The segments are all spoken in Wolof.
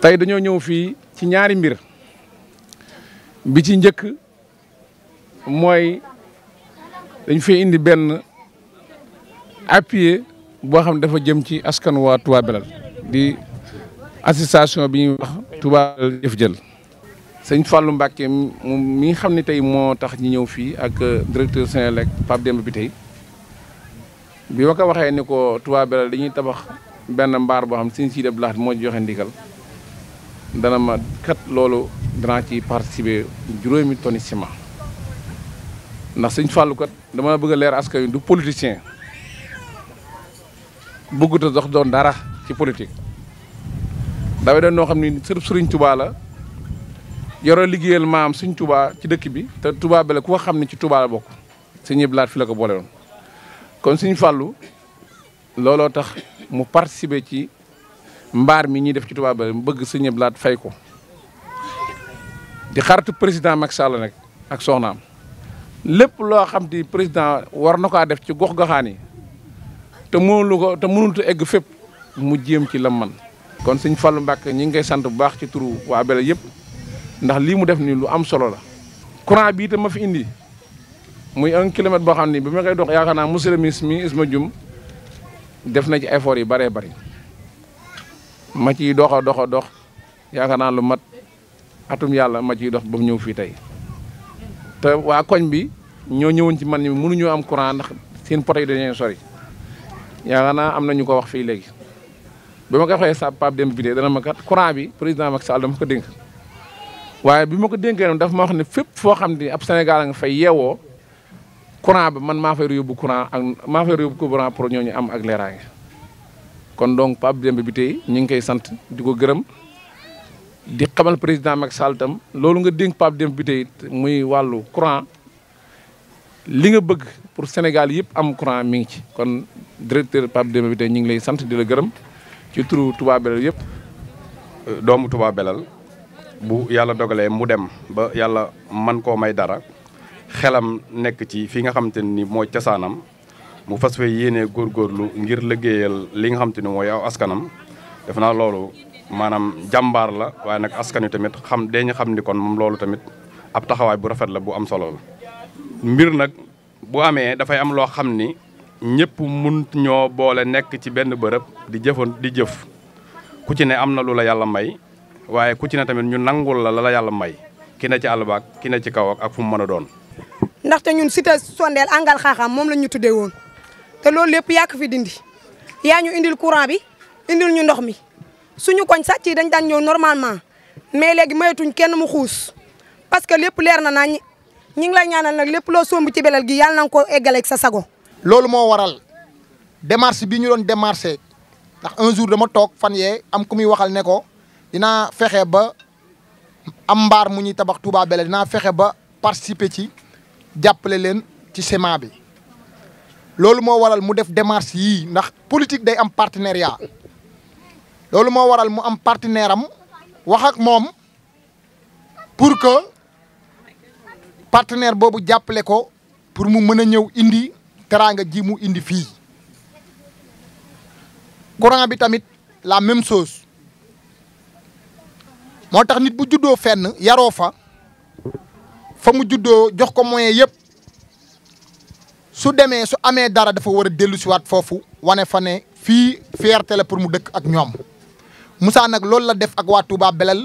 tey dañoo ñëw fii ci ñaari mbir bi ci njëkk mooy dañ fee indi benn appui boo xam ne dafa jëm ci askan waa Touba di association bi ñuy wax Touba jëf jël sëñ Fallou Mbacke mi nga xam ne tey moo tax ñu ñëw fii ak euh, directeur Senelec Pape Demba bi tey bi ma ko waxee ni ko Touba Belel dañuy tabax benn mbaar boo xam ne sëñ Sidi Abdoulaye moo joxe ndikal dana ma kat loolu danaa ci participer juróomi tonni ciment ndax sëñ Fallou dama bëgg a leer askan wi du politicien bëggut a dox doon dara ci politique. daway doon noo xam ni sërëb Sëriñ Touba la yoro liggéeyal maam suñ tubaa ci dëkk bi te Touba bale ku ko xam ne ci Touba bokk sëñ Abdou Lahad fi la ko boole woon kon sëñ Fallou looloo tax mu participer ci. mbar mi ñi def ci tuba ba bëgg Sëñ blad fay ko di xartu président Macky Sall nak ak soxnam lepp lo xam di président war na kaa def ci gox goxaan yi te mënul ko te mënul egg fep mu jëm ci lam man kon Sëñ fallu mbak ñi ngay sant bu baax ci turu wa bele yep ndax li mu def ni lu am solo la courant bi te ma fi indi muy 1 km bo xamni bima bi dox yaaka na musulmi ismi Isma jum def na ci effort yi bare bare ma ciy dox a dox a dox yaakaar naa lu mat atum yàlla ma ciy dox ba mu ñëw fii tey te waa koñ bi ñoo ñëwoon ci man ni mënuñoo am courant ndax seen poto yi dañuy sori yaakaar naa am na ñu ko wax fii léegi. ba ma ko waxee sa Pape bi de dana ma kat courant bi président Macky Sall dama ko dénk waaye bi ma ko dénkee daf ma wax ne fépp foo xam ne ab Sénégal ngi fay yeewoo courant bi man maa fay yóbbu courant ak maa fay yóbbu courant pour ñooñu am ak leeraange. kon donc Pape Demba Bitèye ñu ngi koy sant di ko gërëm di xamal président Macky Sall tam loolu nga dénk Pape Demba Bitèye muy wàllu courant li nga bëgg pour Sénégal yëpp am courant mi ngi ci kon directeur Pape Demba Bitèye ñu ngi lay sant di la gërëm ci turu Touba Belel yëpp. Euh, doomu Touba Belel bu yàlla dogalee mu dem ba yàlla man koo may dara xelam nekk ci fi nga xamante ni mooy cosaanam. mu fas fee yéenee góorgóorlu ngir liggéeyal li nga xam te ne mooy aw askanam def naa loolu maanaam jàmbaar la waaye nag askan wi tamit xam deñu xam ni kon moom loolu tamit ab taxawaay bu rafet la bu am solo la mbir nag bu amee dafay am loo xam ni ñëpp mun ñoo boole nekk ci benn bërëb di jëfoon di jëf ku ci ne am na lu la yàlla may waaye ku ci ne tamit ñu nangul la la la yàlla may ki ne ci àll baak ki na ci kaw ak fu mu mën a doon. ñun cité Sondeel te loolu lépp yaa ko fi dindi yaa ñu indil courant bi indil ñu ndox mi suñu koñ sàcc yi dañ daan ñëw normalement mais léegi mayeetuñ kenn mu xuus parce que lépp leer na nañ ñi ngi lay ñaanal nag lépp loo somb ci belal gi yàlla na nga ko eggaleeg sa sago. loolu moo waral démarche bi ñu doon démarché ndax un jour dama toog fan yee am ku muy waxal ne ko dina fexe ba am mbaar mu ñuy tabax Touba Belel fexe ba participer ci jàppale leen ci ciment bi. loolu mo waral mu def démarche yi ndax politique day am partenariat loolu mo waral mu am partenaire am wax ak mom pour que partenaire bobu jappelé ko pour mu meuna ñew indi teranga ji mu indi fi courant bi tamit la même chose motax nit bu juddoo fenn yaro fa fa mu juddoo jox ko moyen yépp su demee su amee dara dafa war a dellu siwaat foofu wane fa ne fii fierté la pour mu dëkk ak ñoom Moussa nag loolu la def ak waa Touba Belel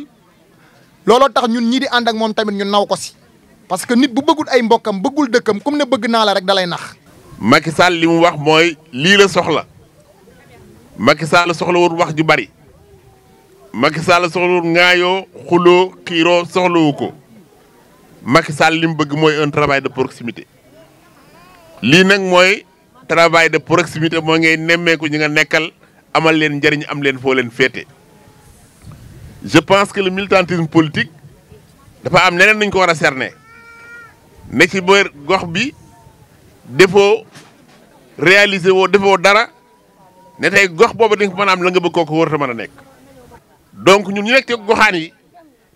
looloo tax ñun ñii di ànd ak moom tamit ñu naw ko si parce que nit bu bëggul ay mbokkam bëggul dëkkam comme ne bëgg naa la rek dalay nax Macky Sall li mu wax mooy lii la soxla Macky Sall soxla woon wax ju bari Macky Sall soxla woon ŋaayoo xuloo xiiroo soxlawu ko Macky Sall li mu bëgg mooy un travail de proximité li nak moy travail de proximité mo ngay nemmeeku ñi nga nekkal amal leen jariñ am leen fo leen fété je pense que le militantisme politique dafa am neneen nuñ ko wara a cerner ne ci biir gox bi défo réaliser wo défo dara né tay gox bobu di nga mën am la nga bëkk ko wërta mëna nekk donc ñun ñu nekk ci goxaan yi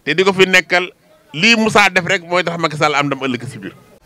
te di ko fi nekkal li Moussa def rek moy tax Macky Sall am ndam ëlëk ci biir